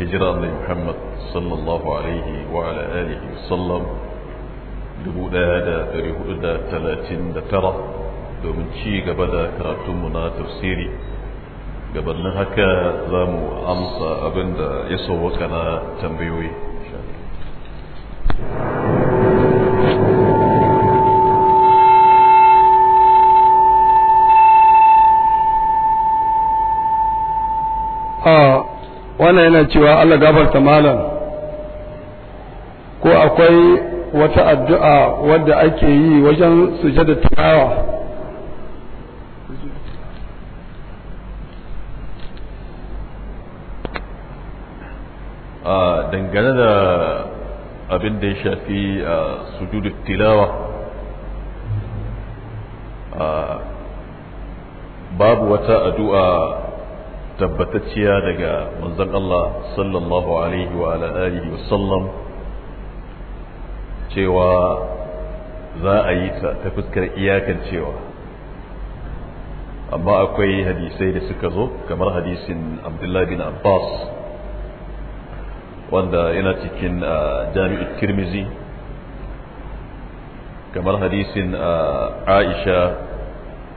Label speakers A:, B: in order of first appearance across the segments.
A: hijira da muhammad sallallahu alaihi wa ala alihi wasallam 1439 domin ci gaba da karatunmu na tafsiri gabanin haka za mu amsa abinda ya sauwaka na tambayoyi
B: wannan yana cewa Allah gafarta malam ko akwai wata addu'a wadda ake yi wajen sujada tilawa
A: a dangane da abin da ya shafi a sujudu tilawa babu wata addu'a tabbatacciya daga manzon Allah sallallahu alaihi wa alihi wa cewa za a yi ta ta fuskar iyakan cewa amma akwai hadisai da suka zo kamar hadisin abdullahi bin abbas wanda yana cikin jami'ar tirmizi kamar hadisin aisha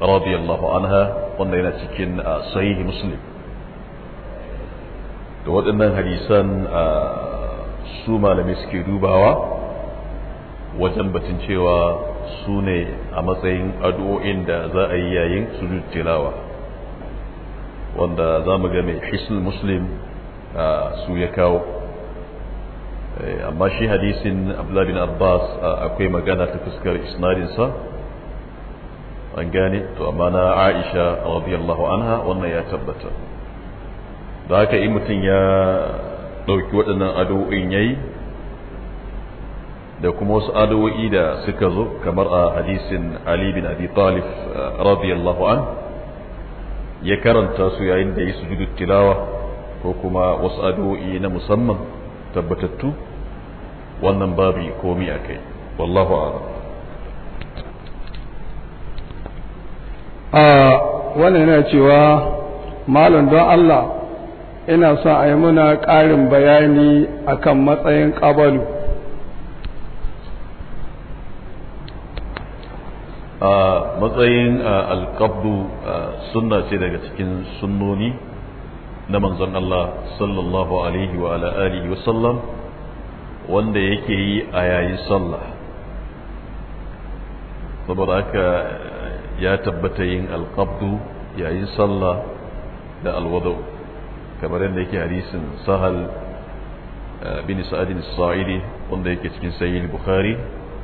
A: radiyallahu anha wanda yana cikin sahihi muslim da waɗannan hadisan a su malamai suke dubawa wajen batun cewa su ne a matsayin addu'o'in da za a yi yayin sujud tilawa wanda za mu ga mai hisn muslim su ya kawo eh, amma shi hadisin bin abbas akwai magana ta fuskar isnadinsa an gane to amma na aisha radiyallahu anha wannan ya tabbata da haka in mutum ya ɗauki waɗannan addu'o'in yayi da kuma wasu addu'o'i da suka zo kamar a hadisin Ali bin Abi Talib uh, radiyallahu an ya karanta su yayin da ya sujudu tilawa ko kuma wasu addu'o'i na musamman tabbatattu wannan babu komi a kai wallahu
B: a wannan yana cewa malam don Allah ina sa a yi muna ƙarin bayani akan matsayin ƙabalu
A: a matsayin alƙabdu sunna ce daga cikin sunnoni na manzon Allah sallallahu alaihi wa wa sallam wanda yake yi a yayin sallah saboda haka ya tabbata yin alƙabdu yayin sallah da alwadau kamar yadda yake hadisin sahal eh, bin sa'adin sa'idi wanda yake cikin sayyid bukhari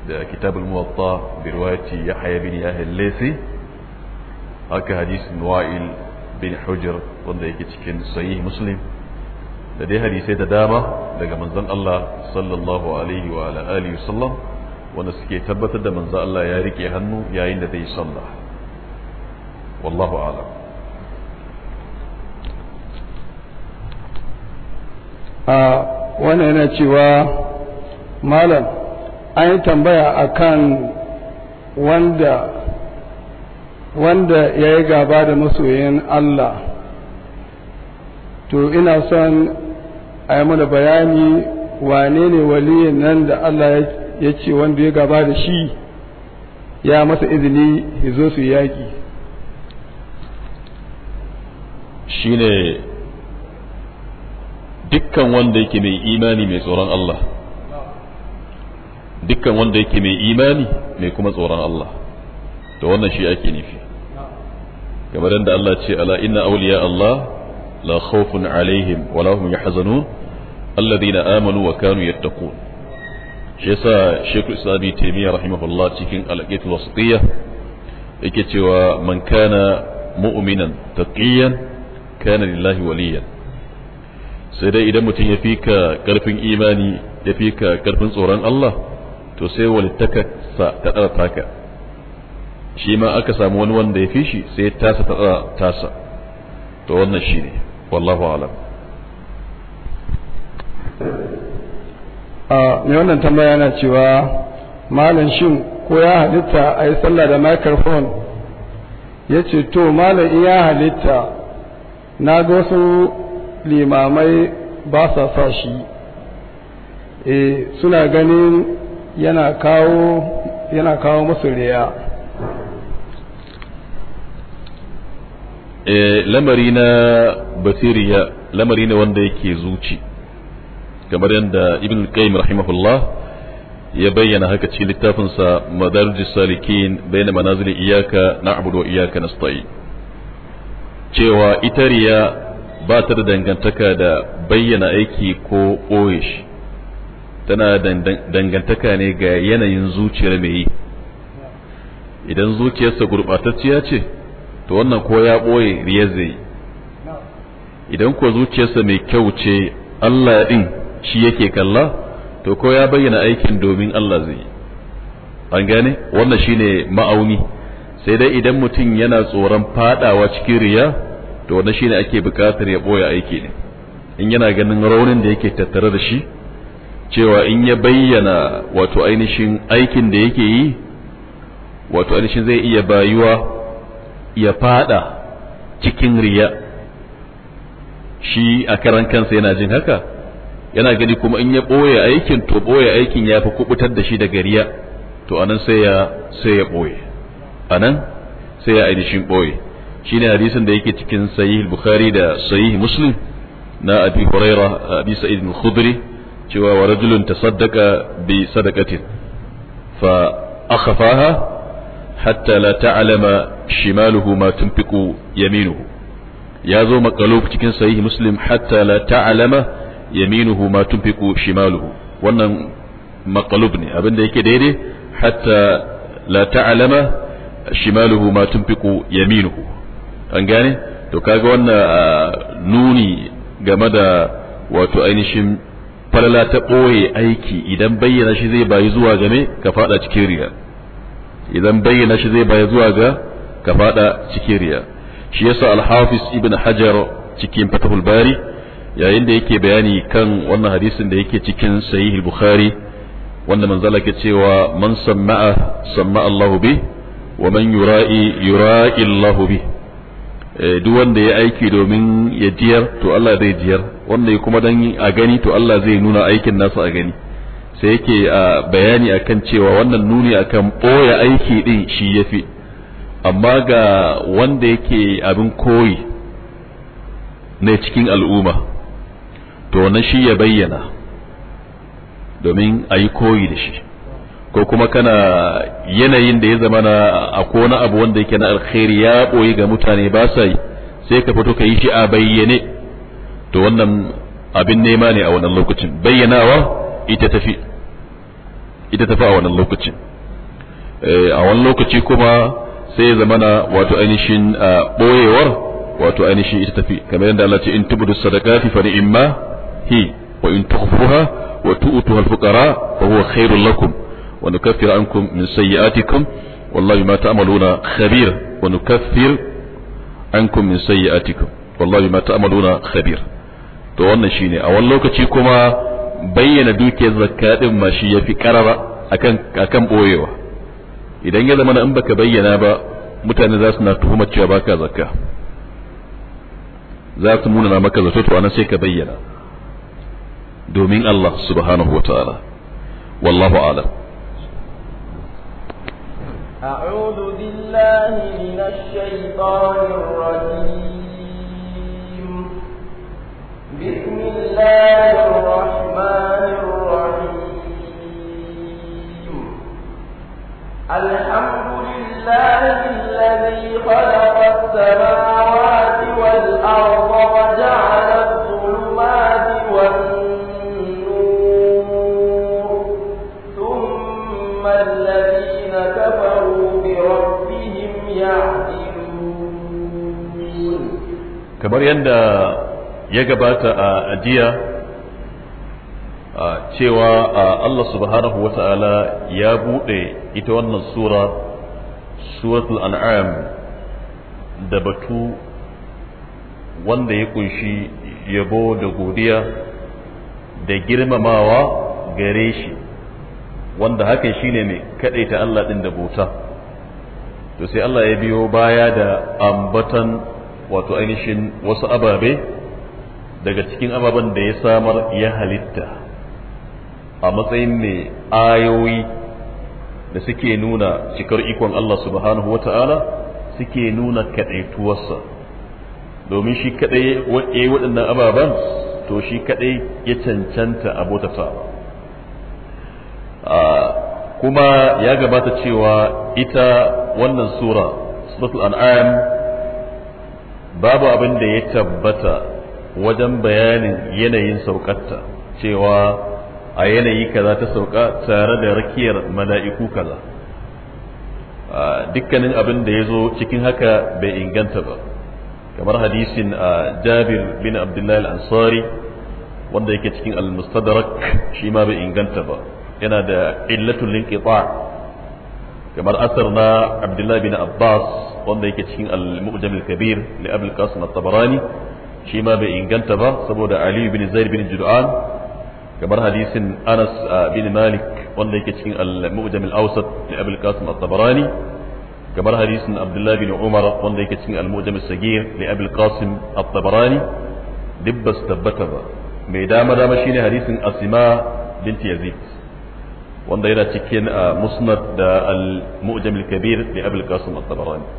A: da kitabul muwatta bi riwayati yahya bin yahya al-laythi haka hadisin wa'il bin hujr wanda yake cikin sahih muslim da dai hadisai da dama daga manzon Allah sallallahu alaihi wa ala alihi sallam. wanda suke tabbatar da manzon Allah ya rike hannu yayin da zai sallah wallahu a'lam
B: a wannan yana cewa malam an yi tambaya akan wanda wanda ya yi gaba da masoyin Allah to ina son a yi mana bayani wane ne waliyin nan da Allah ya ce wanda ya gaba da shi ya masa izini ya zo su yaƙi
A: shi ne dukkan wanda yake mai imani mai tsoron Allah dukkan wanda yake mai imani mai kuma tsoron Allah to wannan shi ake nufi kamar yadda Allah ce ala inna awliya Allah la khawfun alaihim wa lahum yahzanun alladhina amanu wa kanu yattaqun shi yasa Sheikh Islam Ibn Taymiyyah rahimahullah cikin al-Aqid al-Wasitiyya yake cewa man kana mu'minan taqiyan kana lillahi waliyan sai dai idan mutum ya fi ka karfin imani ya fi ka karfin tsoron Allah to sai walittaka sa ta tsara taka shi ma aka samu wani wanda ya fi shi sai ya tasa ta tsara tasa to wannan ne wallahu alam
B: mai wannan tambaya yana cewa malam shin ko ya halitta a yi sallah da microphone ya ce to malam in ya halitta na ga wasu limamai ba sa sa shi e suna ganin yana kawo yana kawo musu riya
A: e lamari na basiriya lamari ne wanda yake zuci kamar yadda ibn qayyim rahimahullah ya bayyana haka cikin littafinsa madarji salikin bayyana manazili iyaka na abudu iyaka nasta'in cewa ita riya ba ta da dangantaka da bayyana aiki ko ɓoye shi tana dangantaka ne ga yanayin zuciyar mai yi idan zuciyarsa gurɓatacciya ce to wannan ko ya ɓoye riya zai idan ko zuciyarsa mai kyau ce Allah ɗin shi yake kalla to ko ya bayyana aikin domin Allah zai an gane wannan shine ma'auni sai dai idan mutum yana tsoron faɗawa cikin riya to wannan shine ake buƙatar ya boye aiki ne in yana ganin raunin da yake tattare da shi cewa in ya bayyana wato ainihin aikin da yake yi wato ainihin zai iya bayuwa ya fada cikin riya shi a karan kansa yana jin haka yana gani kuma in ya ɓoye aikin to ɓoye aikin ya fi kubutar da shi daga riya to anan sai ya sai ya ɓoye anan sai ya ainihin ɓoye shine hadisin da yake cikin sahih bukhari da sahih muslim na abi huraira abi sa'id al-khudri cewa wa rajulun tasaddaqa bi sadaqatin fa akhfaha hatta la ta'lama shimaluhu ma yaminuhu ya zo makalub cikin sahih muslim hatta la ta'lama yaminuhu ma shimaluhu wannan makalub ne abinda yake daidai hatta la ta'lama shimaluhu yaminuhu an gane to kaga wannan nuni game da wato ainihin falala ta ɓoye aiki idan bayyana shi zai bayi zuwa ga ka fada cikin riya idan bayyana shi zai bayi zuwa ga ka fada cikin riya shi yasa al-hafiz ibn hajar cikin fatahul bari yayin da yake bayani kan wannan hadisin da yake cikin sahih bukhari wanda manzala ke cewa man samma'a samma Allahu bi wa man yura'i yura'i Allahu bi Eh, duk wanda ya aiki domin ya jiyar to Allah zai jiyar wanda ya kuma dan a gani to Allah zai nuna aikin nasa a gani sai yake a bayani akan cewa wannan nuni akan boye aiki din shi yafi amma ga wanda yake abin koyi na cikin al'umma to na shi ya bayyana domin a yi koyi da shi ko kuma kana yanayin da ya zama na akwai wani abu wanda yake na alkhairi ya ɓoye ga mutane ba sa yi sai ka fito ka yi shi a bayyane to wannan abin nema ne a wannan lokacin bayyanawa ita tafi ita tafi a wannan lokacin eh, a wani lokaci kuma sai ya zama na wato ainihin ɓoyewar wato ainihin ita tafi kamar yadda Allah ce in tubudu sadaqati fa ni'ma hi wa in tukhfuha wa tu'tuha al-fuqara fa huwa khairul lakum ونكفر عنكم من سيئاتكم والله ما تعملون خبير ونكفر عنكم من سيئاتكم والله ما تعملون خبير to wannan shine a wani lokaci kuma bayyana dukiyar zakka ma shi yafi karara akan akan boyewa idan ya zama in baka bayyana ba mutane za su na tuhumar cewa baka zakka za su munana maka zato to anan sai ka bayyana domin Allah subhanahu wa ta'ala wallahu a'lam
C: أعوذ بالله من الشيطان الرجيم بسم الله الرحمن الرحيم الحمد لله الذي خلق السماوات والأرض وجعل kamar
A: yadda ya gabata a ajiya cewa Allah subhanahu wa ta'ala ya buɗe ita wannan sura suratul an'am da batu wanda ya kunshi yabo da godiya da girmamawa gare shi wanda hakan shine mai kaɗaita Allah ɗin da buta, to sai Allah ya biyo baya da ambatan wato ainihin wasu ababe daga cikin ababen da ya samar ya halitta a matsayin ne ayoyi da suke nuna cikar ikon Allah subhanahu wata'ala suke nuna kaɗaituwarsa domin shi kaɗai waɗannan ababen to shi kaɗai ya cancanta abotata kuma ya gabata cewa ita wannan sura suratul an'am babu abin da ya tabbata wajen bayanin yanayin saukarta cewa a yanayi kaza ta sauka tare da rakiyar mala'iku kaza dukkanin abin da ya zo cikin haka bai inganta ba kamar hadisin a jabir bin abdullahi al-ansari wanda yake cikin al-mustadrak shi ma bai inganta ba yana da illatul linqita kamar asar na abdullahi bin abbas wanda yake cikin al-mu'jam al-kabir li abul qasim at-tabarani shi ma bai inganta ba saboda ali bin zaid bin jud'an kamar hadisin anas bin malik wanda yake cikin al-mu'jam al-awsat li abul qasim at-tabarani kamar hadisin abdullah bin umar wanda yake cikin al-mu'jam as-sagir li abul qasim at-tabarani dibbas tabbata ba mai dama dama shine hadisin asima binti yazid wanda yana cikin musnad da al-mu'jam al-kabir li abul qasim at-tabarani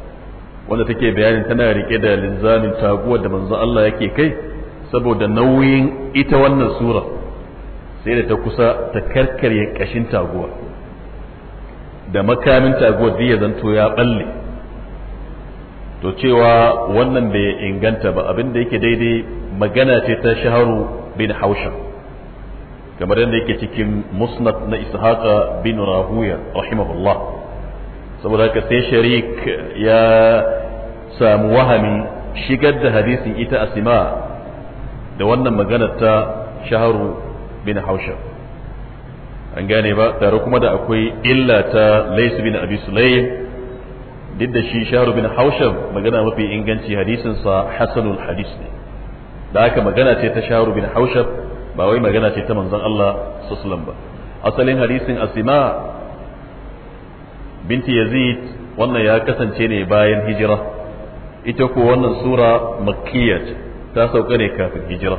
A: wanda take bayanin tana rike da linzamin taguwa da manzo Allah yake kai saboda nauyin ita wannan sura sai da ta kusa ta karkarye kashin taguwa da makamin taguwa da ya zanto ya balle to cewa wannan bai inganta ba abin da yake daidai magana ce ta shaharu bin hausha kamar yadda yake cikin musnad na ishaqa bin rahuya rahimahullah saboda haka sai sharik ya samu wahami shigar da hadisin ita asima da wannan maganar ta shaharu bin hausha an gane ba tare kuma da akwai illa ta laisu bin abi sulaim duk da shi shaharu bin hausha magana mafi inganci hadisinsa sa hasanul hadis ne da haka magana ce ta shaharu bin hausha ba wai magana ce ta manzon Allah sallallahu ba asalin hadisin asima binti yazid wannan ya kasance ne bayan hijira ita ko wannan sura makkiya ta sauka ne kafin hijira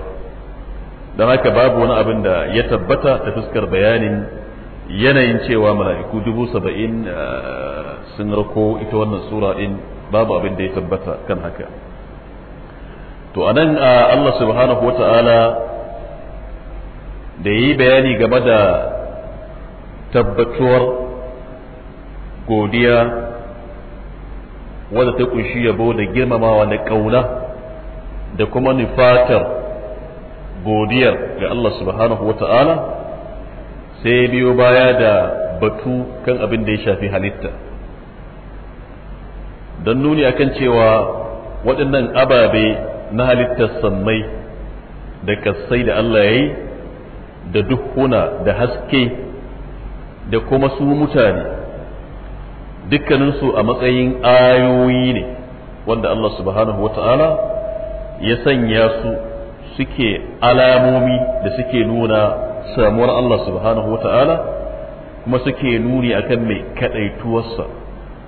A: don haka babu wani abin da ya tabbata ta fuskar bayanin yanayin cewa mala'iku dubu saba'in eh, sun rako ita wannan sura din babu abin da ya tabbata kan haka to anan eh, Allah subhanahu wa ta'ala da yi bayani game da tabbatuwar godiya wadda ta kunshi yabo da girmamawa da ƙauna da kuma nufatar godiyar ga Allah subhanahu wa ta'ala sai biyo baya da batu kan abin da ya shafi halitta don nuni akan cewa waɗannan ababe na halittar sammai da kassai da Allah ya yi da dukkuna da haske da kuma su mutane dukkaninsu a matsayin ayoyi ne wanda Allah subhanahu wata'ala ya sanya su suke alamomi da suke nuna samuwar Allah subhanahu wata'ala kuma suke nuni akan mai kadaituwarsa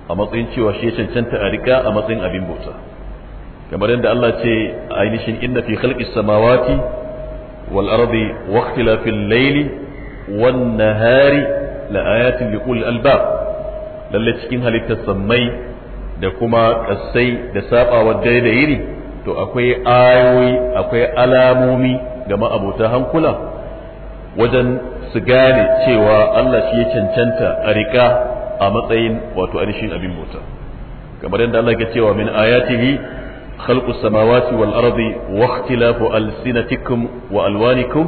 A: a matsayin cewa shi ya cancanta a rika a matsayin abin bauta kamar yadda Allah ce ainihin inna fi khalqis samawati wal ardi wa ikhtilafil layli wan nahari la ayatin liqul albab lalle cikin halittar sammai da kuma kassai da sabawa dare da yiri to akwai ayoyi akwai alamomi ga ma'abota hankula wajen su gane cewa Allah shi ya cancanta a riƙa a matsayin wato anishin abin mota. kamar yadda Allah ke cewa min ayatihi خلق السماوات والأرض واختلاف ألسنتكم وألوانكم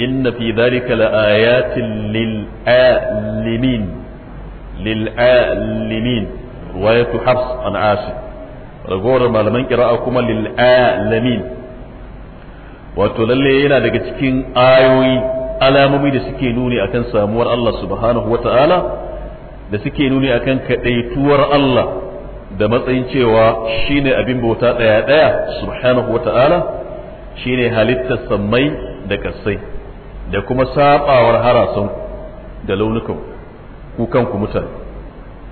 A: إن في ذلك لآيات للآلمين lil'alimin ruwayatu hafs an asim ragowar malaman kira'a kuma lil'alamin wato lalle yana daga cikin ayoyi alamomi da suke nuni akan samuwar Allah subhanahu wa ta'ala da suke nuni akan kaɗaituwar Allah da matsayin cewa shine abin bauta ɗaya ɗaya subhanahu wa ta'ala shine halittar sammai da kasai da kuma saɓawar harasan da launukan ku kanku mutane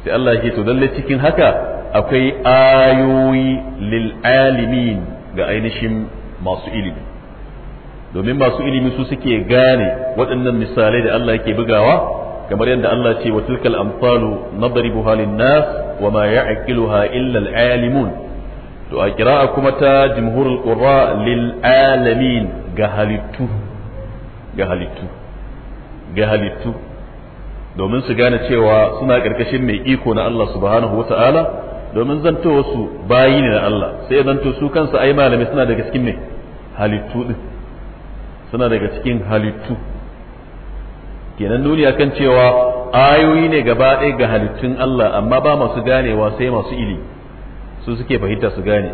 A: sai Allah ya to lalle cikin haka akwai ayoyi lil alimin ga ainihin masu ilimi domin masu ilimi su suke gane waɗannan misalai da Allah yake bugawa kamar yadda Allah ce wa tilkal amsalu nadribuha lin-nas wa ma ya'qiluha illa al-alimun to a kira'a kuma ta jumhurul qurra lil alamin ga halittu ga halittu ga halittu domin su gane cewa suna karkashin mai iko na Allah subhanahu wa ta'ala domin zanto wasu bayi ne na Allah sai zanto su kansu ai malami suna daga cikin mai halittu din suna daga cikin halittu kenan nuni akan cewa ayoyi ne gaba ɗaya ga halittun Allah amma ba masu ganewa sai masu ili su suke fahimta su gane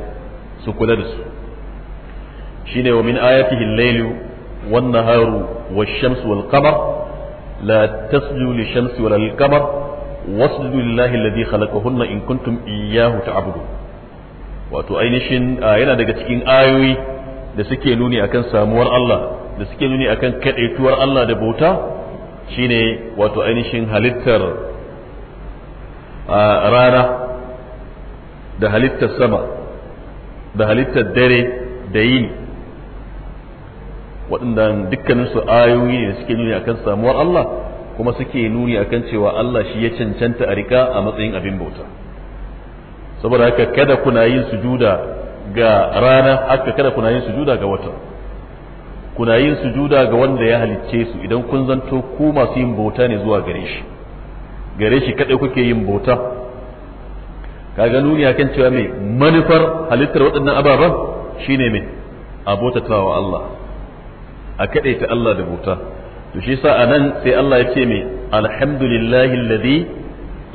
A: su kula da su shine wa min ayatihi al-lailu wan-naharu wash-shamsu wal-qamar la tasjudu lishamsi wala lilqamar wasjudu lillahi alladhi khalaqahunna in kuntum iyyahu ta'budun wato ainihin yana daga cikin ayoyi da suke nuni akan samuwar Allah da suke nuni akan kadaituwar Allah da bauta shine wato ainihin halittar rana da halittar sama da halittar dare da yini waɗanda dukkaninsu ayoyi ne suke nuni akan samuwar Allah kuma suke nuni akan cewa Allah shi ya cancanta a rika a matsayin abin bauta saboda haka kada kuna yin sujuda ga rana haka kada kuna yin sujuda ga wata kuna yin sujuda ga wanda ya halicce su idan kun zanto ku masu yin bauta ne zuwa gare shi gare shi kadai kuke yin bauta kaga nuni akan cewa mai manufar halittar waɗannan ababen shine mai abotatawa Allah a ta Allah da bauta to shi sa anan sai Allah ya ce me alhamdulillahi alladhi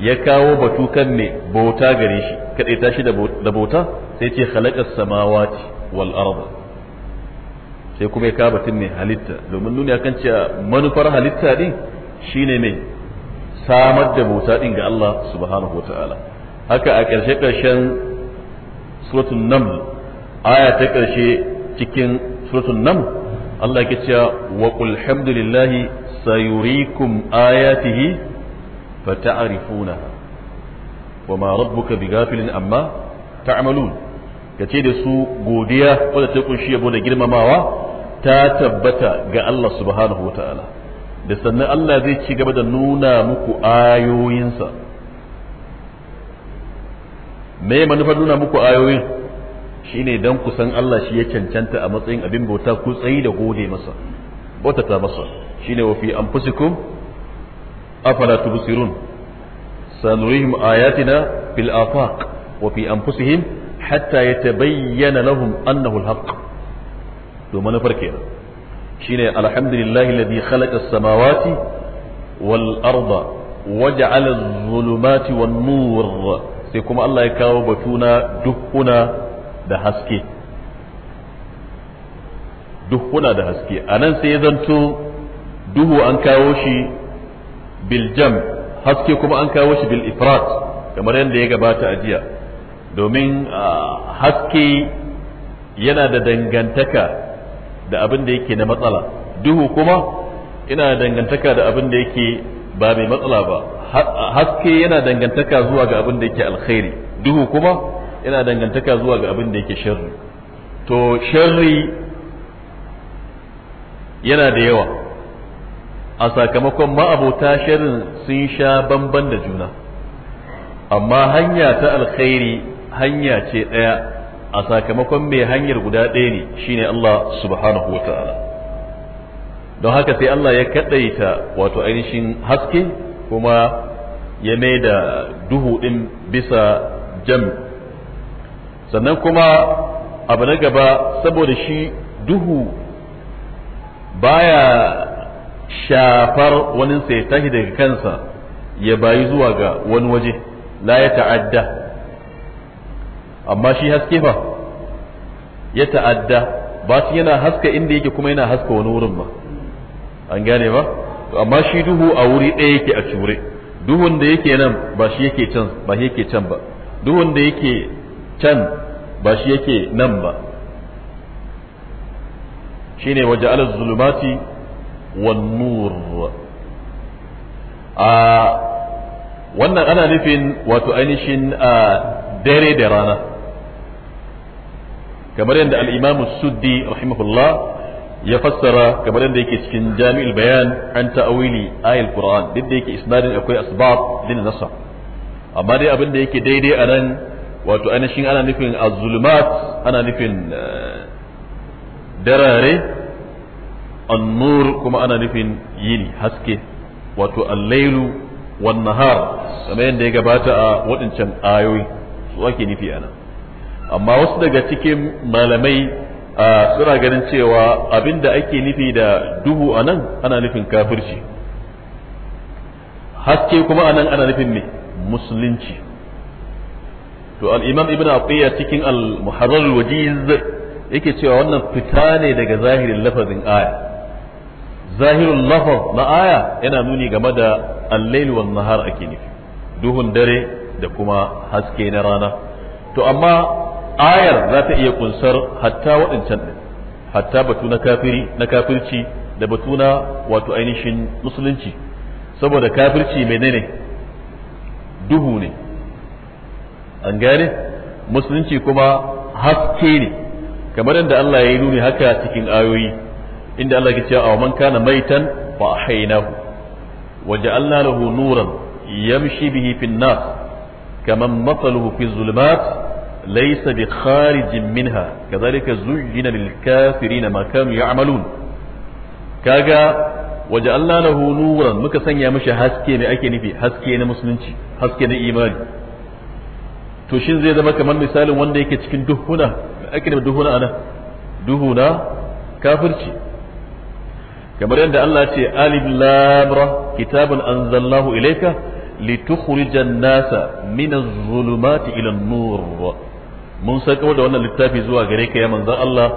A: ya kawo batu kan me bauta gare shi ta shi da bauta sai ce khalaqas samawati wal arda sai kuma ya kawo batun ne halitta domin nuni akan cewa manufar halitta din shine mai samar da bauta din ga Allah subhanahu wataala haka a ƙarshe ƙarshen suratul naml aya ta ƙarshe cikin suratul naml Allah ke cewa wa qul hamdulillahi sayurikum ayatihi fata'rifunaha wama rabbuka bighafilin amma ta'malun ce da su godiya wadda ta kunshi yabo da girmamawa ta tabbata ga Allah subhanahu wataala da sannan Allah zai ci gaba da nuna muku ayoyinsa me manufar nuna muku ayoyin shine dan kusan Allah shi ya cancanta a matsayin abin bauta ku tsayi da gode masa bautata masa shine an fi anfusikum afala tubsirun sanurihim ayatina fil afaq wa fi anfusihim hatta yatabayyana lahum annahu alhaq to manufar kenan shine alhamdulillahi alladhi khalaqa as-samawati wal arda waja'ala adh-dhulumati wan-nur sai kuma Allah ya kawo batuna dukkuna da haske kuna da haske a nan sai ya zanto duhu an kawo shi biljam haske kuma an kawo shi bil ifrat kamar yadda ya gabata a jiya domin haske yana da dangantaka da abin da yake na matsala duhu kuma ina dangantaka da abin da yake ba mai matsala ba haske yana dangantaka zuwa ga abin da yake alkhairi duhu kuma yana dangantaka zuwa ga abin da yake sharri to sharri yana da yawa a sakamakon ma'abota sharrin sun sha bamban da juna amma hanya ta alkhairi hanya ce ɗaya a sakamakon mai hanyar guda ɗaya ne shine Allah subhanahu wa don haka sai Allah ya kaɗaita wato ainihin haske kuma ya mai da duhu ɗin bisa jam'i. sannan kuma abu na gaba saboda shi duhu baya shafar wani sai tashi daga kansa ya bayi zuwa ga wani waje la ya ta'adda amma shi haske fa ya ta'adda ba shi yana haska inda yake kuma yana haska wani wurin ba an gane ba amma shi duhu a wuri ɗaya yake a cure duhun da yake nan ba shi yake can ba shi yake can ba duhun da yake can ba shi yake nan ba shine waje ala zulumati wan nur a wannan ana nufin wato ainihin a dare da rana kamar yadda al suddi rahimahullah ya fassara kamar yadda yake cikin jami'il bayan an ta'awili ayil qur'an duk da yake isnadin akwai asbab din nasr amma dai abin da yake daidai a nan wato ainihin ana nufin azulmat ana nufin eh, darare annur kuma ana nufin yini haske wato allailu wan nahar kuma yadda ya gabata a waɗancan ayoyi su ake nufi ana amma wasu daga cikin malamai suna ganin cewa abinda ake nufi da duhu anan ana nufin kafirci haske kuma anan ana nufin musulunci to al-imam ibn atiyya cikin al-muharrar wajiz yake cewa wannan fita ne daga zahirin lafazin aya zahirin lafaz na aya yana nuni game da al-lail wan nahar ake nufi duhun dare da kuma haske na rana to amma ayar za ta iya kunsar hatta waɗancan ɗin hatta batu na kafiri na kafirci da batu na wato ainihin musulunci saboda kafirci menene duhu ne an gane musulunci kuma haske ne kamar yadda Allah ya yi nuni haka cikin ayoyi inda Allah ke cewa a man kana maitan fa ahaynahu wa ja'alna lahu nuran yamshi bihi fin nas kaman mathaluhu fi zulumat ليس بخارج منها كذلك زين للكافرين ما كانوا يعملون كاغا وجعلنا له نورا muka sanya mishi haske ne ake nufi haske na musulunci haske na imani to shin zai zama kamar misalin wanda yake cikin duhuna ake da duhuna ana Duhuna kafirci kamar yadda Allah ce alif lam ra kitabun anzalnahu ilayka litukhrijan nasa min adh-dhulumati ila an-nur mun sako da wannan littafi zuwa gare ka ya manzon Allah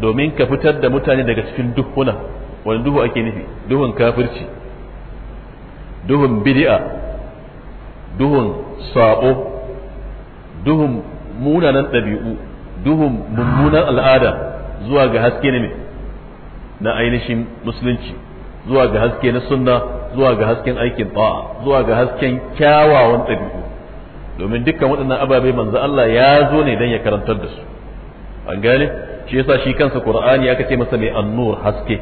A: domin ka fitar da mutane daga cikin duhuna wani duhu ake nufi duhun kafirci duhun bid'a duhun sabo duhun munanan ɗabi'u duhun mummunan al'ada zuwa ga haske ne na ainihin musulunci zuwa ga haske na sunna zuwa ga hasken aikin ta'a zuwa ga hasken kyawawan ɗabi'u domin dukkan waɗannan ababe manzo Allah ya zo ne don ya karantar da su an gane shi yasa shi kansa qur'ani aka ce masa mai annur haske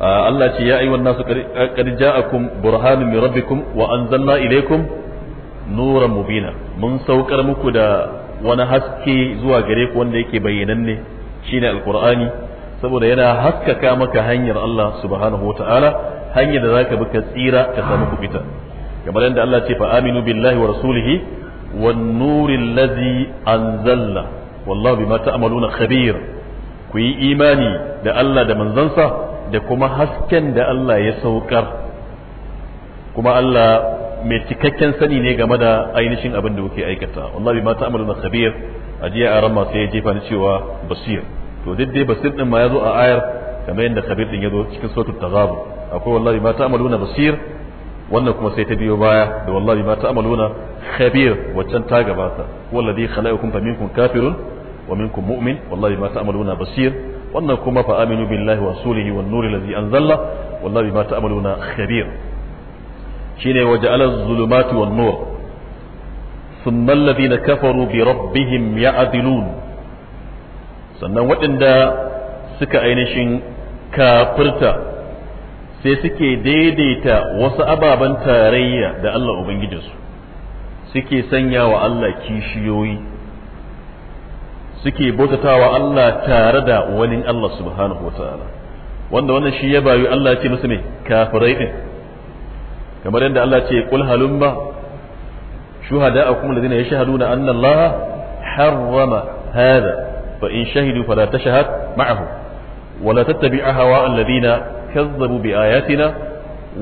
A: ah, Allah ce ya ayyuhan nasu qad ja'akum burhanun min rabbikum wa anzalna ilaykum nuran mubina mun saukar muku da wani haske zuwa gare ku wanda yake bayyananne shine alqur'ani saboda yana haskaka maka hanyar Allah subhanahu wataala hanyar da zaka bi ka tsira ka samu kubita kamar yadda Allah ce fa aminu billahi wa rasulihi wan nuril ladzi anzalna wallahu bima ta'maluna khabir ku yi imani da Allah da manzansa da kuma hasken da Allah ya saukar kuma Allah mai cikakken sani ne game da ainihin abin da kuke aikata Allah bi ma ta'maluna khabir ajiya a ran masu ya jefa ni cewa basir to duk dai basir din ma yazo a ayar kamar yadda khabir din yazo cikin ta taghabu akwai bi ma ta'maluna basir wannan kuma sai ta biyo baya da bi ma ta'maluna khabir waccan ta gabata wallazi khalaqakum faminkum kafirun wa minkum mu'min wallahi ma ta'maluna basir wannan kuma fa aminu billahi wa rasulihi wan nuril ladzi anzala wallahi ma ta'maluna khabir shine waje az-zulumati wan-nur thumma alladhina kafaru bi rabbihim ya'dilun sannan waɗanda suka ainihin kafirta sai suke daidaita wasu ababen tarayya da Allah ubangijinsu suke sanya wa Allah kishiyoyi suke bautatawa Allah tare da wani Allah subhanahu wa ta'ala wanda wannan shi ya bayu Allah ce musu ne kafirai din kamar yadda Allah ce kul halumma shuhada'akum alladhina yashhaduna anna Allah harrama hadha fa in shahidu fala tashhad ma'ahum ولا تتبع هواء الذين كذبوا بآياتنا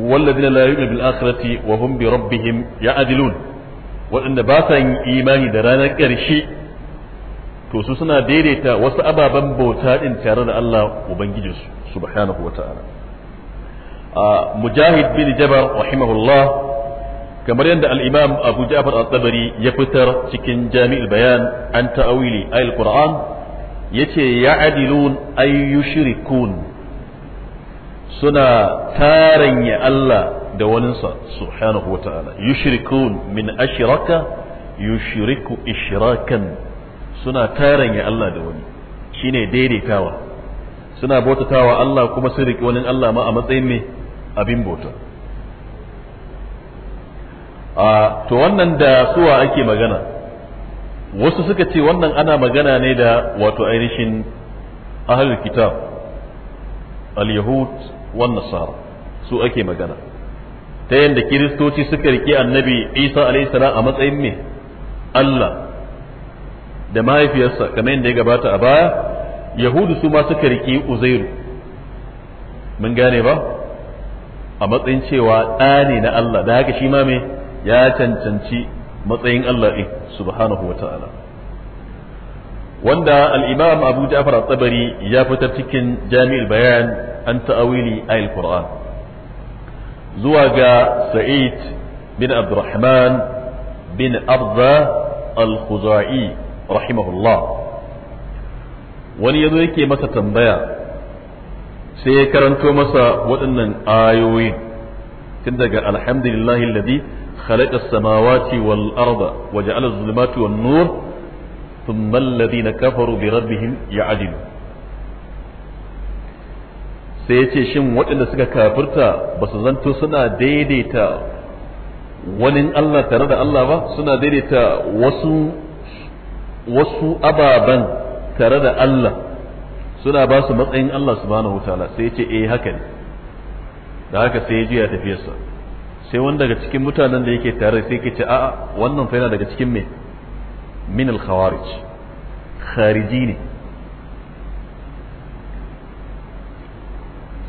A: والذين لا يؤمنون بالآخرة وهم بربهم يعدلون waɗanda ba sa yin imani da ranar ƙarshe to su suna daidaita wasu ababen bauta ɗin tare da Allah Ubangijinsu subhanahu wa ta'ala mujahid bin jabar rahimahullah kamar yadda al'imam imam abu ja'far at ya fitar cikin jami'il bayan an ta'awili ayil qur'an yace ya'dilun ay yushrikun suna taranya Allah da waninsa subhanahu wa ta'ala yushrikun min ashraka yushriku ishrakan suna taranya Allah da wani shine daidaitawa suna bautatawa Allah kuma sun riƙe wani Allah a matsayin abin A to wannan da suwa ake magana wasu suka ce wannan ana magana ne da wato ainihin ahlul kitab al-yahud wan nasara su ake magana ta yadda kiristoci suka rike annabi isa alaihi a matsayin me allah da mahaifiyarsa kamar yadda ya gabata a baya yahudu su ma suka rike uzairu mun gane ba a matsayin cewa ɗa ne na Allah da haka shi ma me ya cancanci matsayin Allah ɗin subhanahu wa ta'ala wanda al-imam Abu Ja'far tsabari tabari ya fitar cikin Jami'ul Bayan an ta'awili ayil Qur'an zuwa ga Sa'id bin Abdurrahman bin Abda al-Khuzai rahimahullah wani yazo yake masa tambaya sai ya karanto masa waɗannan ayoyin tun daga alhamdulillahi alladhi khalaqa as-samawati wal arda wa ja'ala adh-dhulumati wan nur thumma alladhina kafaru bi rabbihim ya'dilun sai ya shin waɗanda suka kafirta ba su zanto suna daidaita wani Allah tare da Allah ba suna daidaita wasu wasu ababen tare da Allah suna ba su matsayin Allah subhanahu wataala sai ce eh haka ne da haka sai ya juya tafiyarsa sai wanda daga cikin mutanen da yake tare sai ke ce a'a wannan fa yana daga cikin me min al khawarij khariji ne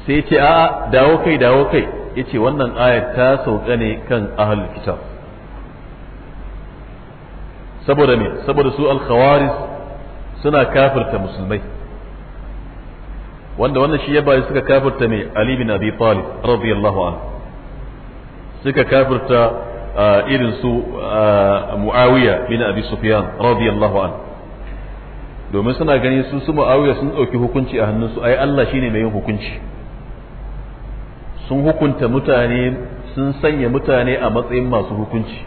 A: sai ce a'a dawo kai dawo kai yace wannan ayar ta sauka ne kan ahlul kitab saboda me saboda su al khawarij suna kafirta musulmai wanda wannan shi ya bayi suka kafirta ne Ali bin Abi Talib radiyallahu anhu suka kafirta irin su Muawiya bin Abi Sufyan radiyallahu anhu domin suna ganin su su Muawiya sun dauki hukunci a hannunsu ai Allah shine mai yin hukunci sun hukunta mutane sun sanya mutane a matsayin masu hukunci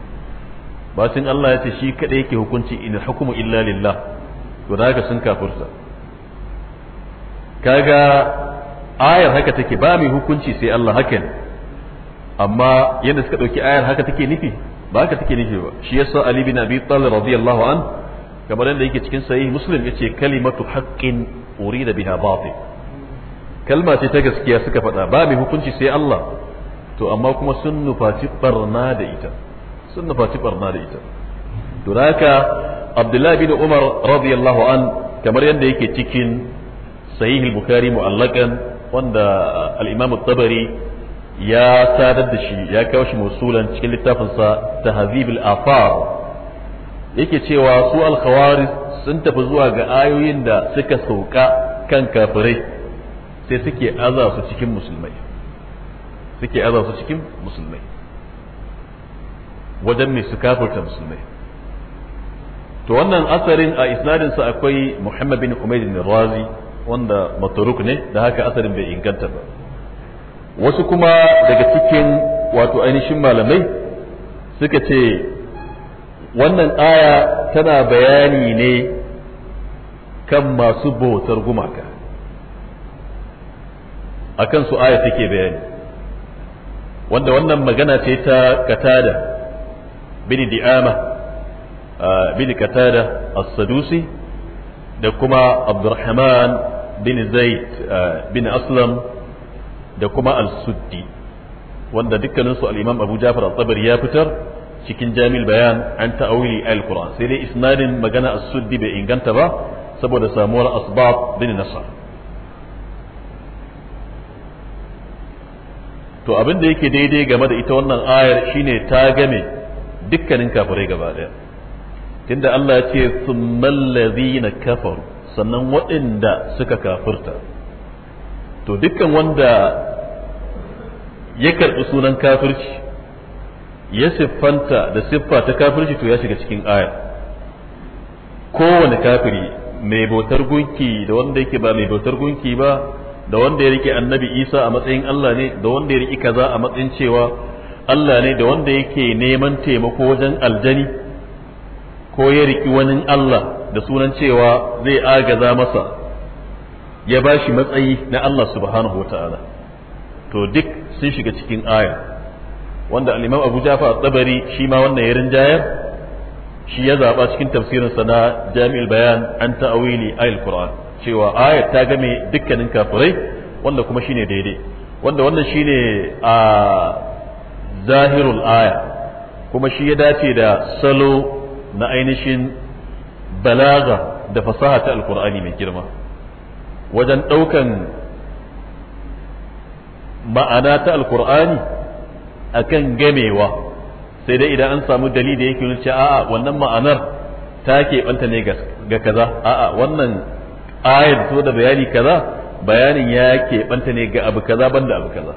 A: bacin Allah ya ce shi kadai yake hukunci in hukumu illa lillah to da haka sun kafirta kaga ayar haka take ba mai hukunci sai Allah haka ne amma yadda suka ɗauki ayar haka take nufi ba haka take nufi ba shi yasa Ali bin Abi Talib radiyallahu an kamar yadda yake cikin sahih Muslim yace kalimatu haqqin urida biha batil kalma ce ta gaskiya suka faɗa ba mai hukunci sai Allah to amma kuma sun nufaci barna da ita sun nufaci barna da ita to haka Abdullahi bin Umar radiyallahu an kamar yadda yake cikin sahih al-bukhari mu'allaqan wanda uh, al-imam at-tabari ya sadar da shi ya kawo shi musulan cikin littafin sa tahzib al-afar yake cewa su al-khawarij sun tafi zuwa ga ayoyin da suka sauka kan kafirai sai suke aza su cikin musulmai suke aza su cikin musulmai wajen mai su kafirta musulmai to wannan asarin a isnadinsa akwai muhammad bin umayyad razi wanda maturuk ne da haka asarin bai inganta ba wasu kuma daga cikin wato ainihin malamai suka ce wannan aya tana bayani ne kan masu bautar gumaka a kan su aya take bayani wanda wannan magana ce ta katada bin di'ama ah, bin katada as-sadusi da kuma abdurrahman bin zaid uh, bin aslam da kuma al-suddi wanda dukkaninsu al-imam abu jafar al-tabari ya fitar cikin jamil bayan an ta'awili al-qur'an sai dai isnadin magana as-suddi bai inganta ba saboda samuwar asbab bin nasar to abin da yake daidai game da ita wannan ayar shine ta game dukkanin kafirai gaba daya tunda Allah ya ce summal na kafar. sannan waɗanda suka kafirta to dukkan wanda ya karɓi sunan kafirci ya siffanta da siffa ta kafirci to ya shiga cikin aya kowane kafiri mai bautar gunki da wanda yake ba mai bautar gunki ba da wanda ya rike annabi isa a matsayin allah ne da wanda ya rike kaza a matsayin cewa allah ne da wanda yake neman taimako wajen aljani ko ya riki wani allah da sunan cewa zai agaza masa ya ba shi matsayi na Allah subhanahu wa ta'ala to duk sun shiga cikin aya wanda al'imam abu jafa a tsabari shi ma wannan ya rinjayar shi ya zaɓa cikin tafsirinsa na jami'il bayan an ta'awili ayil qur'an cewa ayat ta game dukkanin kafirai wanda kuma shine daidai wanda wannan shine a zahirul aya kuma shi ya dace da salo na ainihin balaga da fasaha ta alkur'ani mai girma wajen ɗaukan ma'ana ta alkur'ani akan gamewa sai dai idan an samu dalili da yake nuna a'a wannan ma'anar ta keɓanta ne ga kaza a'a wannan ayar so da bayani kaza bayanin ya keɓanta ne ga abu kaza banda abu kaza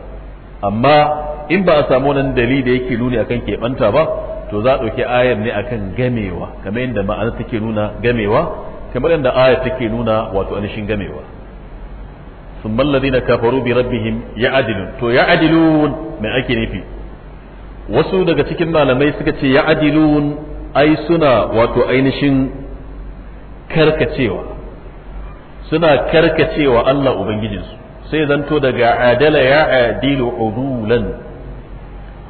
A: amma in ba a samu wannan dalili da yake nuni akan keɓanta ba to za a ɗauki ayar ne akan gamewa kamar yadda ma'ana take nuna gamewa kamar yadda ayar take nuna wato anishin gamewa sun mallazi na kafaru bi rabbihim ya adilun to ya adilun mai ake nufi wasu daga cikin malamai suka ce ya adilun ai suna wato ainihin karkacewa suna karkacewa Allah Ubangijinsu sai zanto daga adala ya adilu udulan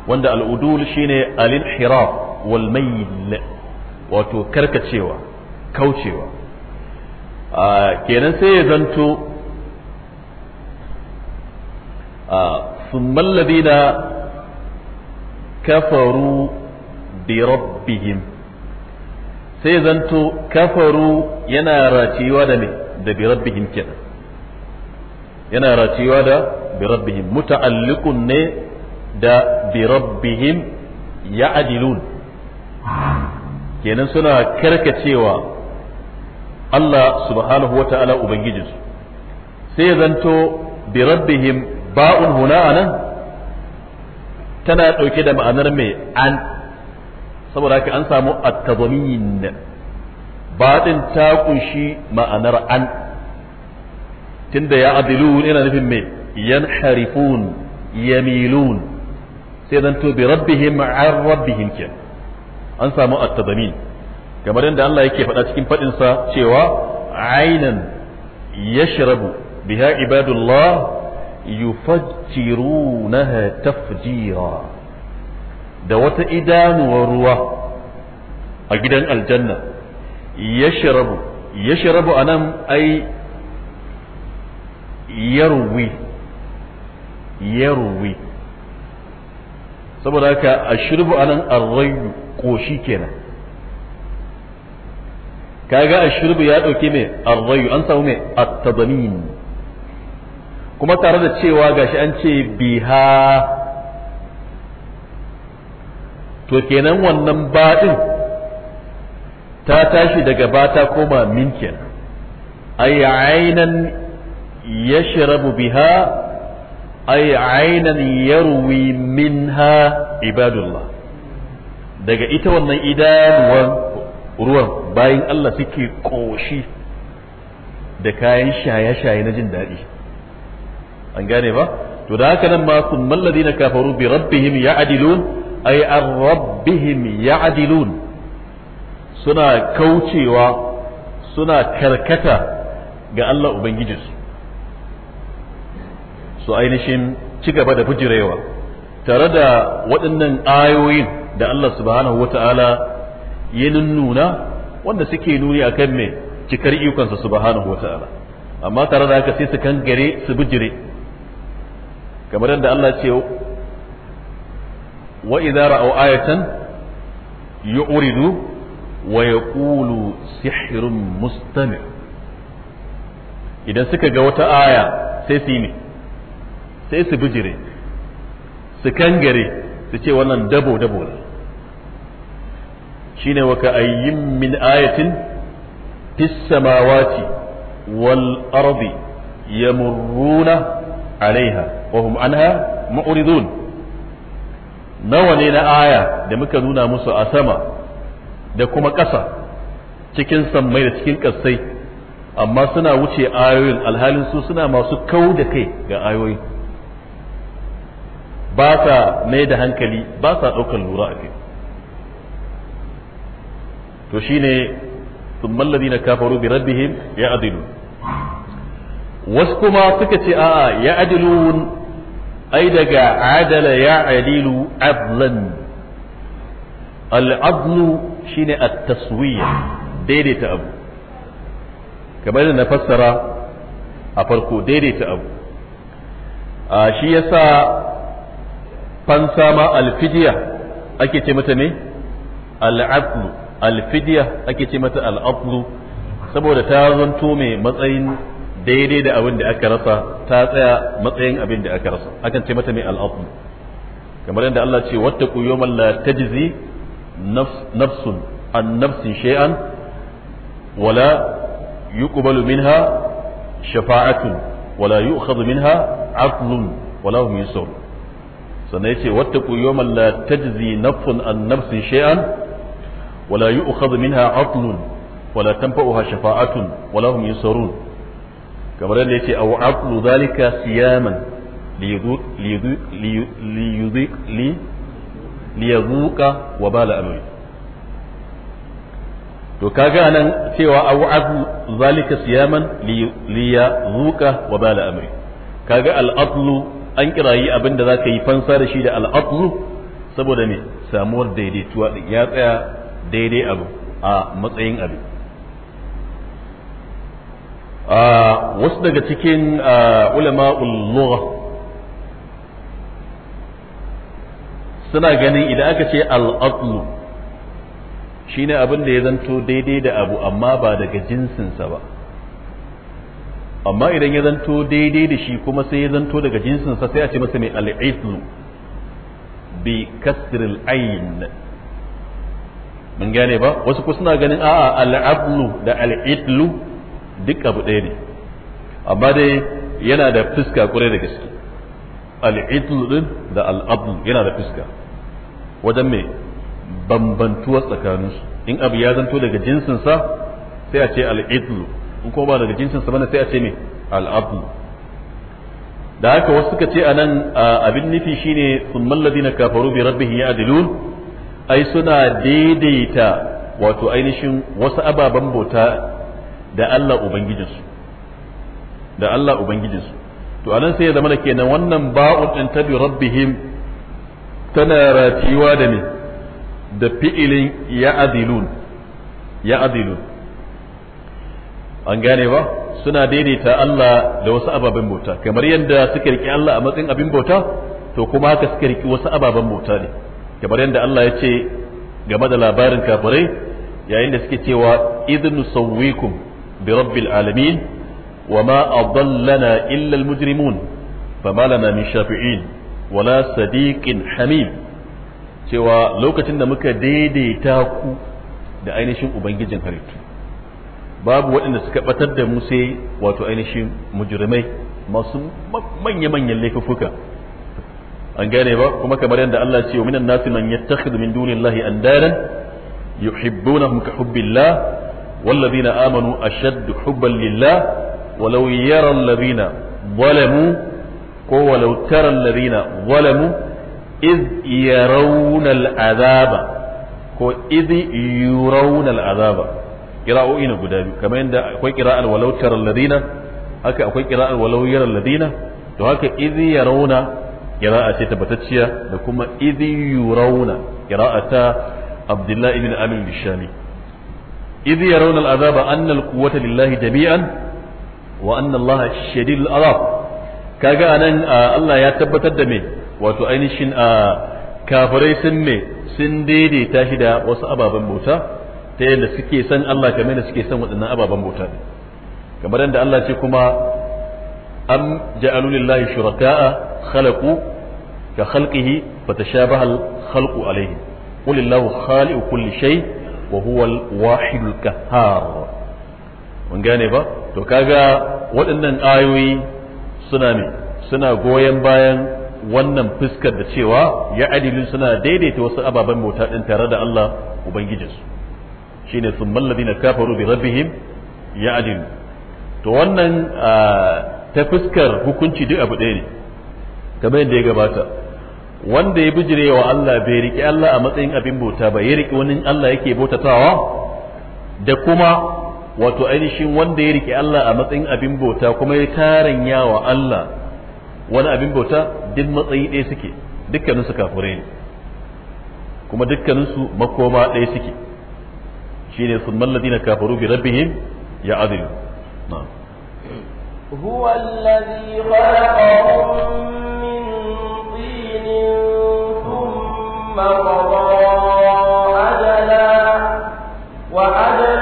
A: wanda al'udul shi ne Alin wal mayl wato karkacewa kaucewa kenan sai ya zanto ثم الذين كفروا بربهم sai zanto kafaru yana raciwa da me da bi rabbihim kenan yana raciwa da bi rabbihim muta'alliqun ne da bi rabbihim ya'dilun kenan suna karkacewa Allah subhanahu wa ta'ala ubangijinsu sai ya zanto bi rabbihim ba'un huna anan tana ɗauke da ma'anar mai an saboda haka an samu at baɗin ta kunshi ma'anar an tunda ya adilu yana nufin mai yanharifun yamilun sai zan to bi rabbihim an rabbihim ke an samu at-tadamin kamar yadda Allah yake faɗa cikin faɗin sa cewa aynan yashrabu biha ibadullah yufajjirunaha tafjira da wata idanuwar ruwa a gidan aljanna yashrabu yashrabu anan ai yarwi yarwi saboda haka shirbu anan arrayu koshi kenan kaga ashirbu ya dauke mai arrayu an samu mai at-tadmin kuma tare da cewa gashi an ce biha to kenan wannan baɗin ta tashi daga bata koma min kenan ay ya yashrabu biha ay aynan yarwi minha ibadullah daga ita wannan idanuwan ruwan bayan Allah suke ƙoshi da kayan shaye-shaye na jin daɗi an gane ba to da haka nan ma sun malladi na kafaru bi rabbihim ya'dilun ay rabbihim ya'dilun suna kaucewa suna karkata ga Allah ubangijinsu su ainihin ci gaba da bujirewa tare da waɗannan ayoyin da Allah subhanahu wata'ala ya nuna wanda suke nuni a kan mai cikar ikonsa subhanahu wata'ala amma tare da haka sai su gare su bujire kamar yadda Allah ce wa idza ra'u ayatan yu'ridu wa yaqulu sihrun mustamir idan suka ga wata aya sai su yi sai su bijire su kangare su ce wannan dabo dabo ne shine wa ka'ayyin min ayatin fis wal ardi yamurruna alaiha wa hum anha nawa ne na aya da muka nuna musu a sama da kuma ƙasa cikin sammai da cikin ƙasai amma suna wuce ayoyin alhalin su suna masu kau da kai ga ayoyin ba sa mai da hankali ba sa ɗaukar lura a kai to shine thumma alladhina kafaru bi rabbihim ya'dilun wasu kuma suka ce a'a ya'dilun ai daga adala ya'dilu adlan al shi ne a taswiya daidaita abu kamar da na fassara a farko daidaita abu a shi yasa fansa ma alfidiya ake ce mata ne al'ablu alfidiya ake ce mata al'ablu saboda ta zanto mai matsayin daidai da abin da aka rasa ta tsaya matsayin abin da aka rasa akan ce mata ne al'ablu kamar yadda Allah ce wata yawman la tajzi nafsun an nafsin shay'an wala yuqbalu minha shafa'atun wala yu'khadhu minha 'adlun wala hum yusarun sannan ku yi yawman la tajzi nafsun an nafsin shay'an wala yu'khadhu minha 'atlun wala tanfa'uha shafa'atun wala hum yusarun kamar yadda yace aw aqlu dhalika siyaman li liyazuka wa bala amri to kaga anan cewa aw'adu zalika siyaman liyazuka wa bala amri kaga an kirayi abin da zaka yi fansa da shi da al'aqlu saboda me samuwar daidaituwa ya tsaya daidai abu a matsayin abu wasu daga cikin ulama'ul lugha suna ganin idan aka ce shi shine abin da ya zanto daidai da abu amma ba daga jinsinsa ba amma idan ya zanto daidai da shi kuma sai ya zanto daga jinsinsa sai a ce masa mai al'islu bi kasril ayn mun gane ba wasu ku suna ganin a'a al'ablu da al'idlu duk abu ɗaya ne amma dai yana da fuska ƙure da gaske al'idlu din da al'ablu yana da fuska wajen mai bambantuwa tsakaninsu in abu ya zanto daga jinsinsa sai a ce al'idlu in ko ba daga jinsinsa bane sai a ce me al'abdu da haka wasu suka ce a anan abin nufi shine summal ladina kafaru bi rabbihim ya'dilun ai suna daidaita wato ainihin wasu ababen bauta da Allah ubangijinsu da Allah ubangijinsu to anan sai ya zama kenan wannan ba'un din ta bi rabbihim tana ratiwa da ne da fi'ilin ya'dilun ya'dilun an gane ba suna daidaita Allah da wasu ababen bauta kamar yadda suka riki Allah a matsayin abin bauta to kuma haka suka riki wasu ababen bauta ne kamar yadda Allah ya ce game da labarin kafirai yayin da suke cewa idnu sawwikum bi rabbil alamin wa ma adallana illa al mujrimun fama lana min shafi'in wala sadiqin hamim cewa lokacin da muka daidaita ku da ainihin ubangijin halittu babu waɗanda suka batar da mu sai wato ainihin mujrimai masu manya-manyan laifuffuka an gane ba kuma kamar yadda Allah ce wa minan nasi man yattakhidhu min dunillahi andaran yuhibbunahum ka hubbillah والذين آمنوا أشد حبا لله ولو يرى الذين ظلموا ولو ترى الذين ظلموا إذ يرون العذاب إذ يرون العذاب qira'o'i na guda biyu kamar yadda akwai qira'al walau taral ladina haka akwai qira'al walau yaral ladina to haka idhi yarawna kiraa ce tabbatacciya da kuma idhi yurawna qira'a ta Abdullahi ibn Amir Bishami idhi yarawna al'azaba anna al-quwwata lillahi jami'an wa anna Allah shadidul azab kaga anan Allah ya tabbatar da me wato ainihin kafirai sun me sun daidaita shi da wasu ababen bauta ta yadda suke san Allah kamar da suke san waɗannan ababen bauta ne kamar yadda Allah ce kuma am ja'alu lillahi shuraka'a khalaqu ka khalqihi fatashabaha al-khalqu alayhi qul illahu khaliqu kulli shay wa huwa al-wahid al-qahhar mun gane ba to kaga waɗannan ayoyi suna ne suna goyon bayan wannan fuskar da cewa ya adilin suna daidaita wasu ababen bauta ɗin tare da Allah Ubangijinsu shine summal na kafaru bi rabbihim ya'dil to wannan ta fuskar hukunci duk abu ɗaya ne kamar yadda ya gabata wanda ya bijire wa Allah bai riƙe Allah a matsayin abin bauta ba ya riƙe wani Allah yake bautatawa da kuma wato ainihin wanda ya riƙe Allah a matsayin abin bauta kuma ya taranya wa Allah wani abin bauta duk matsayi ɗaya suke dukkaninsu kafurai ne kuma dukkaninsu makoma ɗaya suke شيء summal الذين كفروا بربهم يا ya'dilu نعم
B: هو
C: الذي خلقهم من طين ثم قضى أجلا وأجل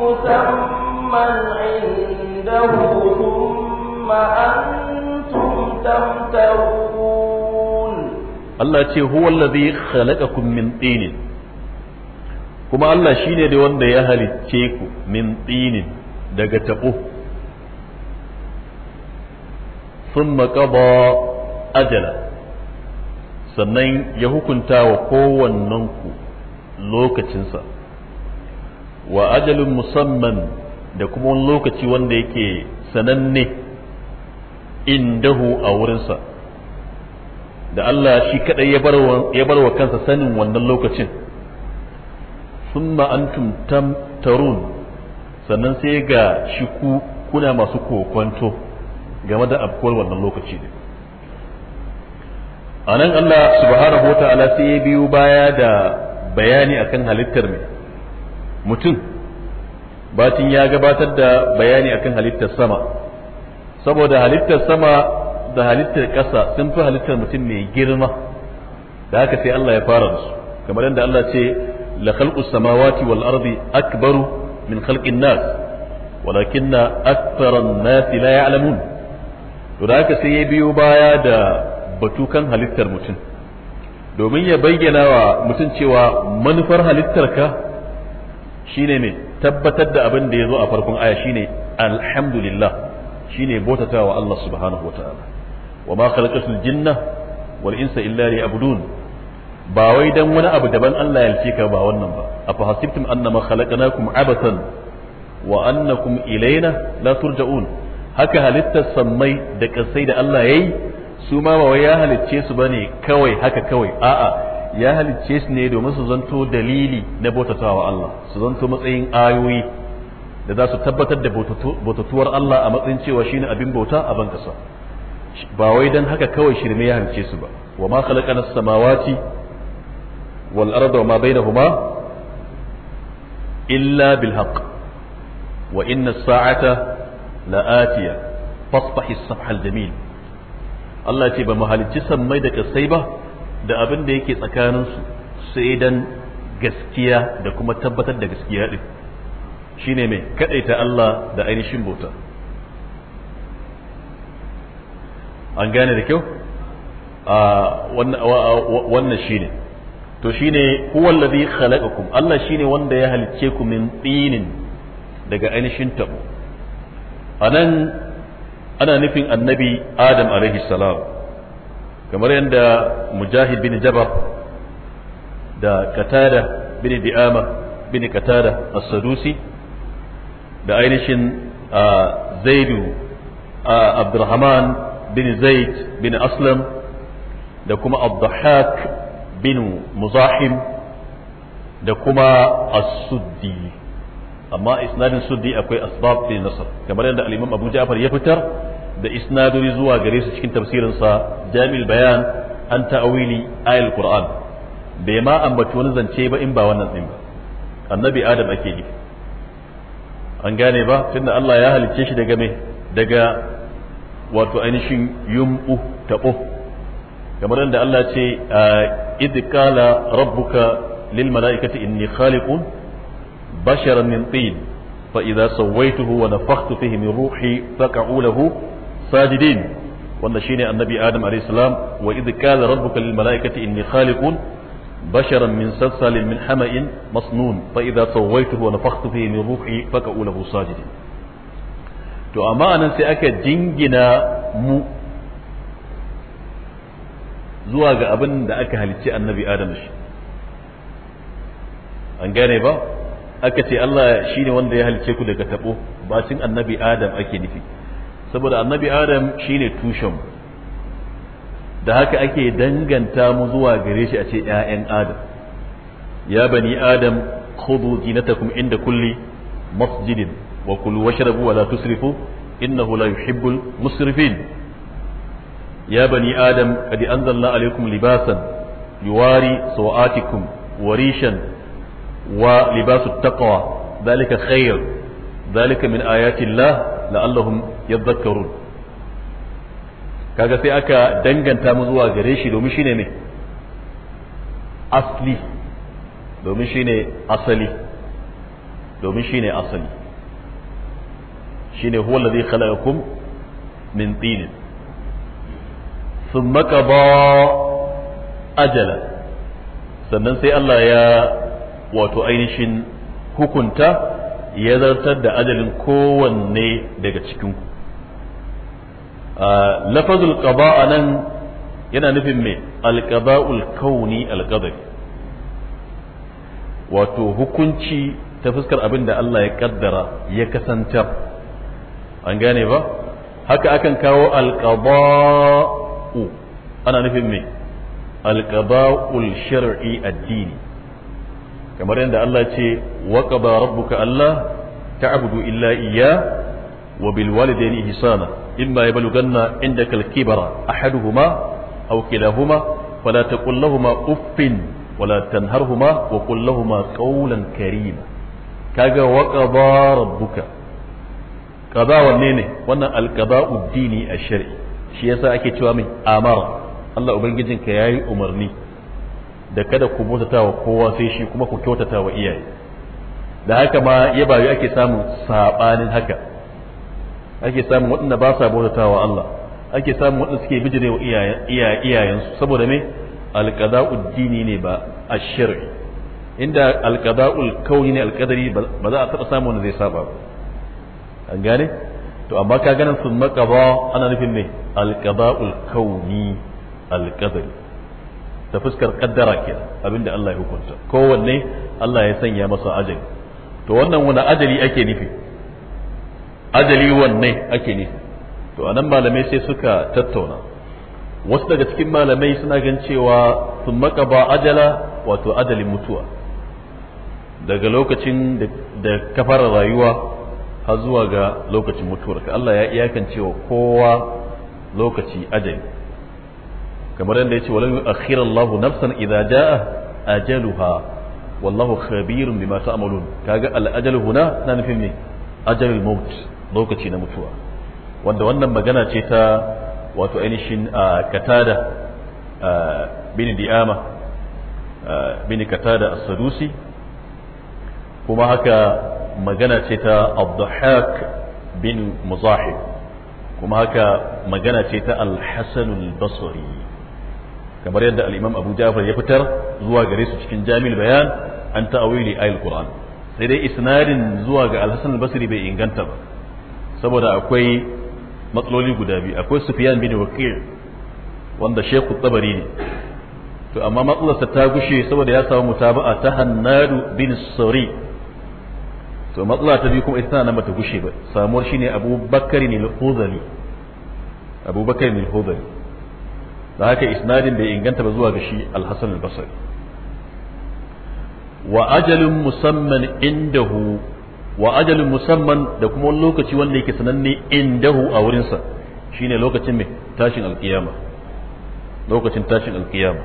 C: مسمى عنده ثم أنتم تمترون
A: الله هو الذي خلقكم من طين kuma Allah shi ne da wanda ya halicce ku min tsinin daga taɓo sun maƙaba ajala sannan ya hukunta wa ku lokacinsa wa ajalin musamman da kuma wani lokaci wanda yake sananne indahu a wurinsa da Allah shi kaɗai ya bar wa kansa sanin wannan lokacin summa antum tamtarun sannan sai ga shi ku kuna masu kokwanto game da afkuwar wannan lokaci ne a nan Allah subhanahu wa ta'ala sai ya baya da bayani akan halittar mai mutum batin ya gabatar da bayani akan halittar sama saboda halittar sama da halittar ƙasa sun fi halittar mutum mai girma da haka sai Allah ya fara su kamar yadda Allah ce la khalqu samawati wal ardi akbaru min khalqin nas walakinna akthara an-nas la ya'lamun to da haka sai ya biyo baya da batukan halittar mutum domin ya bayyana wa mutum cewa manufar halittarka shine mai tabbatar da abin da ya zo a farkon aya shine alhamdulillah shine bautatawa Allah subhanahu wa ta'ala wa ma khalaqatul jinna wal insa illa abudun. ba wai dan wani abu daban Allah ya alke ka ba wannan ba afa hasibtum annama khalaqnakum abatan wa annakum ilaina la turja'un haka halittar sammai da kasai da Allah yayi su ma ba wai ya halicce su bane kawai haka kawai a'a ya halicce su ne domin su zanto dalili na bautatawa Allah su zanto matsayin ayoyi da za su tabbatar da bautatuwar Allah a matsayin cewa shine abin bauta a ban kasa ba wai dan haka kawai shirme ya halicce su ba wa ma khalaqana samawati wal arda ma huma? illa bil wa inna as-sa'ata la'atiya fasfahi jamil Allah ce ba mu halicci sammai da kasai ba da abin da yake tsakaninsu sai dan gaskiya da kuma tabbatar da gaskiya din ne mai kaɗaita Allah da ainihin bauta an gane da kyau wannan ne. to shine huwa allazi khalaqakum Allah shine wanda ya halicce ku min tsinin daga ainihin tabo anan ana nufin annabi adam alaihi salam kamar yadda mujahid bin jabar da katada bin di'ama bin katada as-sadusi da ainihin zaidu abdurrahman bin zaid bin aslam da kuma abdahak bin muzahim da kuma as-suddi amma isnadin suddi akwai asbab bin nasr kamar yadda al-imam Abu Ja'far ya fitar da isnaduri zuwa gare su cikin tafsirinsa Jamil Bayan an ta'awili ayal Qur'an bai ma ambaci wani zance ba in ba wannan din ba annabi Adam ake yi an gane ba tunda Allah ya halicce shi daga me daga wato ainihin yum'u kamar da Allah ce id qala rabbuka lil mala'ikati inni khaliqun basharan min tin fa idza sawaituhu wa nafakhtu fihi min ruhi faq'u lahu sajidin wanda shine annabi adam alayhi salam wa id qala rabbuka lil mala'ikati inni khaliqun basharan min salsalin min hama'in masnun fa idza sawaituhu wa nafakhtu fihi min ruhi faq'u lahu sajidin to amma anan sai aka jingina mu zuwa ga abin da aka halicci annabi adam shi an gane ba aka ce Allah shi ne wanda ya halice ku daga tabo bacin annabi adam ake nufi saboda annabi adam shi ne mu. da haka ake danganta mu zuwa gare shi a ce ‘ya'yan adam ya bani adam khudu zinatakum inda kulli masjidin wa kulu washrabu wa la tusrifu innahu la yuhibbul musrifin يا بني آدم قد أنزل الله عليكم لباسا يواري سوآتكم وريشا ولباس التقوى ذلك خير ذلك من آيات الله لعلهم يذكرون kaga sai aka danganta mu zuwa gare shi domin shine ne asli domin shine asali domin shine asali shine huwa allazi khalaqakum min tinin sun makaba ajala sannan sai Allah ya wato ainihin hukunta ya zartar da ajalin kowanne daga cikinku lafazul qaba a nan yana nufin mai alqaba'ul kauni alqadari wato hukunci ta fuskar abin da Allah ya kaddara ya kasantar an gane ba haka akan kawo alqaba alqaba'u ana nufin me alqaba'ul shar'i addini kamar yadda Allah ce wa qaba rabbuka Allah ta'budu illa iyya wa bil walidayni ihsana imma yablughanna indaka al-kibara ahaduhuma aw kilahuma fala taqul lahumā uffin ولا تنهرهما وقل لهما قولا كريما كاجا وقضى ربك قضاء والنينه وانا shi yasa ake cewa mai amara Allah ubangijinka ya yi umarni da kada ku bautata wa kowa sai shi kuma ku kyautata wa iyaye da haka ma ya bayu ake samun sabanin haka ake samun waɗanda ba sa bautata wa Allah ake samun waɗanda suke bijire wa iyayensu saboda me alqada'ud dini ne ba ash-shar'i inda alqada'ul kauni ne alƙadari ba za a taɓa samun wanda zai saba ba an gane to amma ka ganin sun makaba ana nufin ne alqada'ul kauni alqadari ta fuskar kaddara ke abinda Allah ya hukunta kowanne Allah ya sanya masa ajali to wannan wani ajali ake nufi ajali wanne ake nufi to anan malamai sai suka tattauna wasu daga cikin malamai suna gan cewa sun makaba ajala wato ajalin mutuwa daga lokacin da ka fara rayuwa har zuwa ga lokacin mutuwar ka Allah ya iyakance wa kowa lokaci ajali kamar yadda ya ce walau akhira Allah nafsan idza jaa ajaluha wallahu khabirun bima ta'malun kaga al ajalu huna na nufin ne ajalul maut lokaci na mutuwa wanda wannan magana ce ta wato ainihin katada bin di'ama bin katada as-sadusi kuma haka magana ce ta abduhak bin muzahib kuma haka magana ce ta alhassanul basri kamar yadda al'imam abu jafar ya fitar zuwa gare su cikin jami'il bayan an ta'awili ayil qur'an sai dai isnadin zuwa ga alhassan basri bai inganta ba saboda akwai matsaloli guda biyu akwai sufyan bin waqi' wanda shekhu tsabari ne to amma matsalarsa ta gushe saboda ya samu mutaba'a ta hannadu bin sari to matsala ta biyu kuma ita tana nan bata gushe ba samuwar shine Abu Bakar ne al-Khuzali Abu Bakar ne al-Khuzali da haka isnadin bai inganta ba zuwa ga shi al-Hasan al-Basri wa ajalun musamman indahu wa ajalin musamman da kuma wani lokaci wanda yake sananne indahu a wurinsa shine lokacin mai tashin alkiyama lokacin tashin alkiyama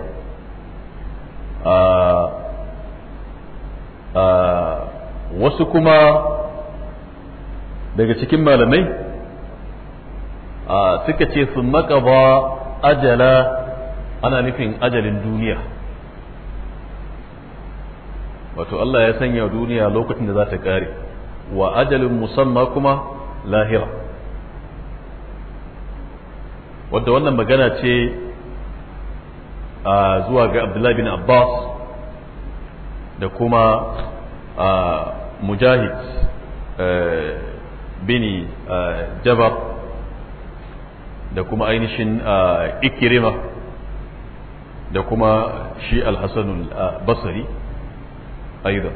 A: ah, ah, wasu kuma daga cikin malamai suka ce sun makaba ajala ana nufin ajalin duniya wato Allah ya sanya duniya lokacin da za ta kare wa ajalin musamman kuma lahira wadda wannan magana ce a zuwa ga abdullahi bin abbas da kuma mujahid eh, bin eh, jabar da kuma ainihin eh, ikirima da kuma shi alhassanul basari aidan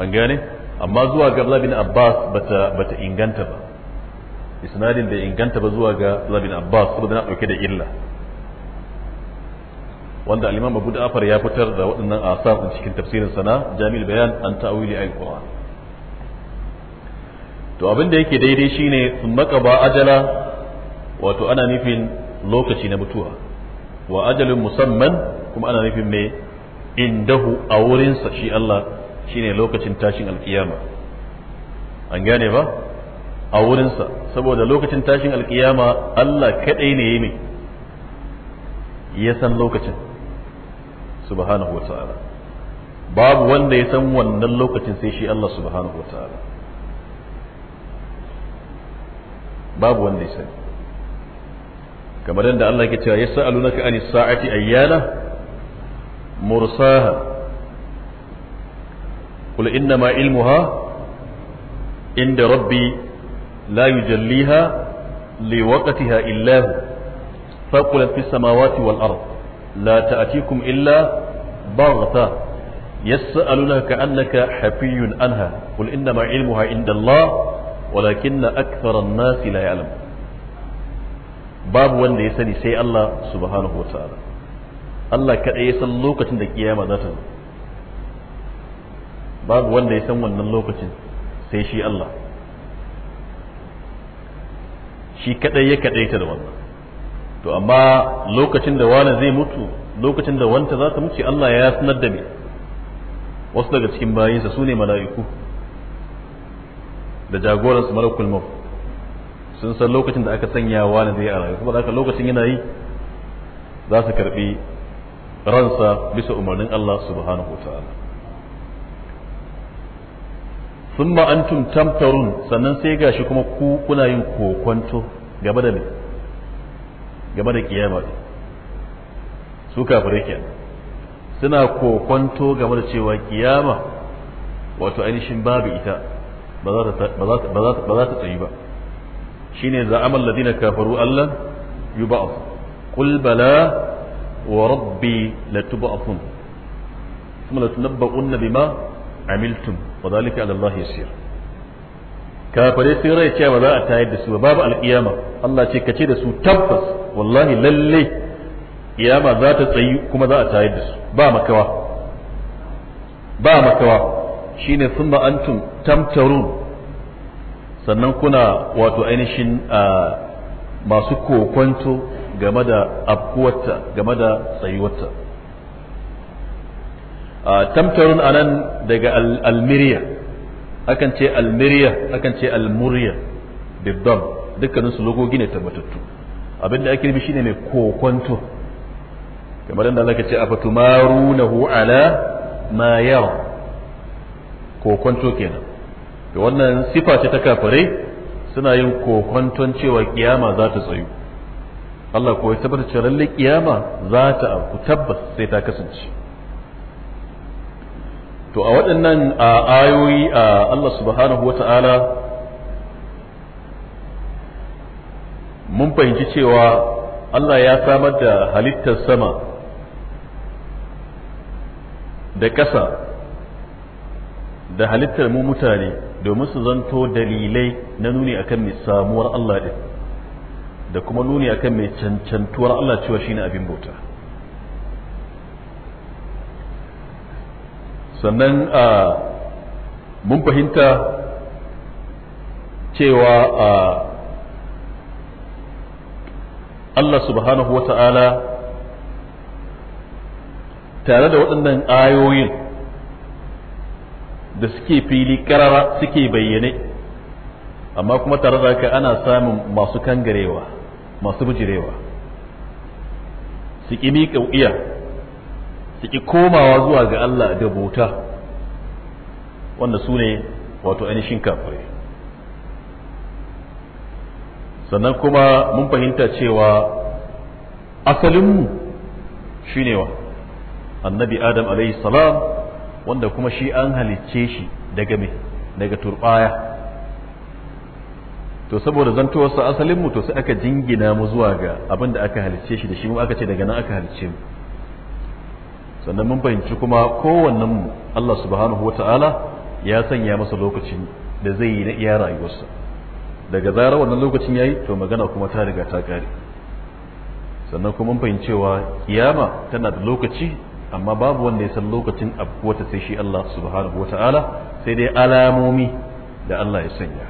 A: an gane amma zuwa ga labin abbas bata inganta ba isnadin da inganta ba zuwa ga labin abbas saboda na dauke da illa wanda al-imam Abu Da'far ya fitar da waɗannan asar din cikin tafsirin sana Jamil Bayan an ta'wili al-Qur'an to abin da yake daidai shine thumma qaba ajala wato ana nufin lokaci na mutuwa wa ajalin musamman kuma ana nufin me indahu a wurinsa shi Allah shine lokacin tashin alkiyama an gane ba a wurinsa saboda lokacin tashin alkiyama Allah kaɗai ne ya san lokacin subhanahu wata'ala babu wanda ya san wannan lokacin sai shi Allah subhanahu babu wanda ya sani kamar yadda Allah ke cewa yas'alunaka anis sa'ati ayyana mursaha قل إنما علمها عند ربي لا يجليها لوقتها إلا هو فقلت في السماوات والأرض la ta'atikum illa baghta yas'alunaka annaka hafiyun anha qul innama ilmuha indallah walakinna akthara an-nasi la ya'lam babu wanda ya sani sai Allah subhanahu wa ta'ala Allah kadai ya san lokacin da kiyama za ta zo babu wanda ya san wannan lokacin sai shi Allah shi kadai ya da to amma lokacin da wani zai mutu lokacin da wanta za ta mutu Allah ya sanar da me wasu daga cikin bayinsa su ne mala'iku da jagoran su malakul maut sun san lokacin da aka sanya wani zai a rayu saboda lokacin yana yi za su karbi ransa bisa umarnin Allah subhanahu wa ta'ala sun antum tamtarun sannan sai gashi kuma ku kuna yin kokwanto gaba da me game da kiyama su kafirai kenan suna kokonto game da cewa kiyama wato ainihin babu ita ba za ta tsayi ba shine za'amal ladina kafaru Allah yub'ath qul bala wa rabbi latub'athun thumma latunabba'unna bima amiltum wa dhalika 'ala Allah yasir kafirai sai rai cewa za a tayar da su babu alkiyama Allah ce kace da su tabbas wallahi lalle kiyama za ta tsayi kuma za a tayar da su ba makawa ba makawa shine sun antum tamtarun sannan kuna wato ainihin masu kokwanto game da abkuwata game da tsayuwata. tamtarun anan daga almiriya akan ce almiriya akan ce almuriya bidon dukkanin su logogi ne tabbatattu abinda ake nufi shine mai kokonto kamar yadda Allah ce afatumarunahu ala ma yara kokonto kenan to wannan sifa ce ta kafirai suna yin kokonton cewa kiyama za ta tsayu Allah ko ya tabbata cewa lalle kiyama za ta ku tabbas sai ta kasance to a waɗannan ayoyi Allah subhanahu wata'ala mun fahimci cewa Allah ya samar da halittar sama da ƙasa da halittar mu mutane domin su zanto dalilai na nuni akan mai samuwar Allah ɗin da kuma nuni akan mai cancantuwar Allah cewa shine abin bauta sannan a mun fahimta cewa a Allah subhanahu wata'ala tare da waɗannan ayoyin da suke fili karara suke bayyane amma kuma tare da haka ana samun masu kangarewa masu bijirewa su ƙi miƙa wuya su ƙi komawa zuwa ga Allah da bota wanda su ne wato ainihin kafirai sannan kuma mun fahimta cewa asalinmu shi ne wa annabi adam alaihi salam wanda kuma shi an halicce shi daga me daga turbaya to saboda asalin asalinmu to sai aka jingina mu zuwa ga abin da aka halicce shi da shi mu aka ce daga nan aka halicce mu sannan mun fahimci kuma mu Allah subhanahu wa ta'ala ya sanya masa lokacin da zai yi na iya rayuwarsa daga zarar wannan lokacin yi to magana kuma ta riga ta kare sannan kuma fahimcewa kiyama tana da lokaci amma babu wanda ya san lokacin abuwata sai shi Allah subhanahu wa ta'ala sai dai alamomi da Allah ya sanya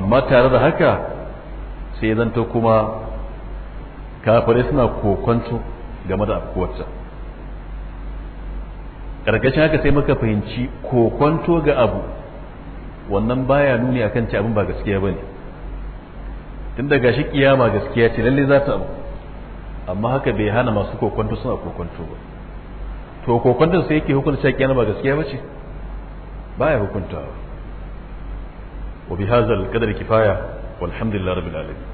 A: amma tare da haka sai zanto kuma kafirai suna kokonto game da abuwata ƙarƙashin haka sai muka fahimci kokonto ga abu wannan baya nuni akan ce abin ba gaskiya bane tun daga shi kiyama gaskiya ce lalle za ta abu amma haka bai hana masu kokonto suna kokonto ba to kokonto sai yake hukunta kiyama ba gaskiya bace baya hukuntawa wa bi hadha qadar kifaya walhamdulillahi rabbil alamin